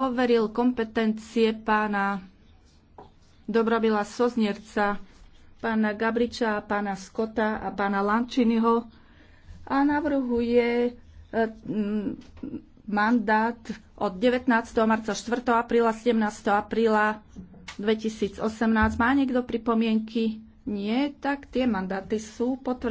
overil kompetencie pána Dobrobila Soznierca, pána Gabriča, pána Skota a pána Lančiniho a navrhuje e, mandát od 19. marca 4. apríla 17. apríla 2018. Má niekto pripomienky? Nie, tak tie mandáty sú potvrdené.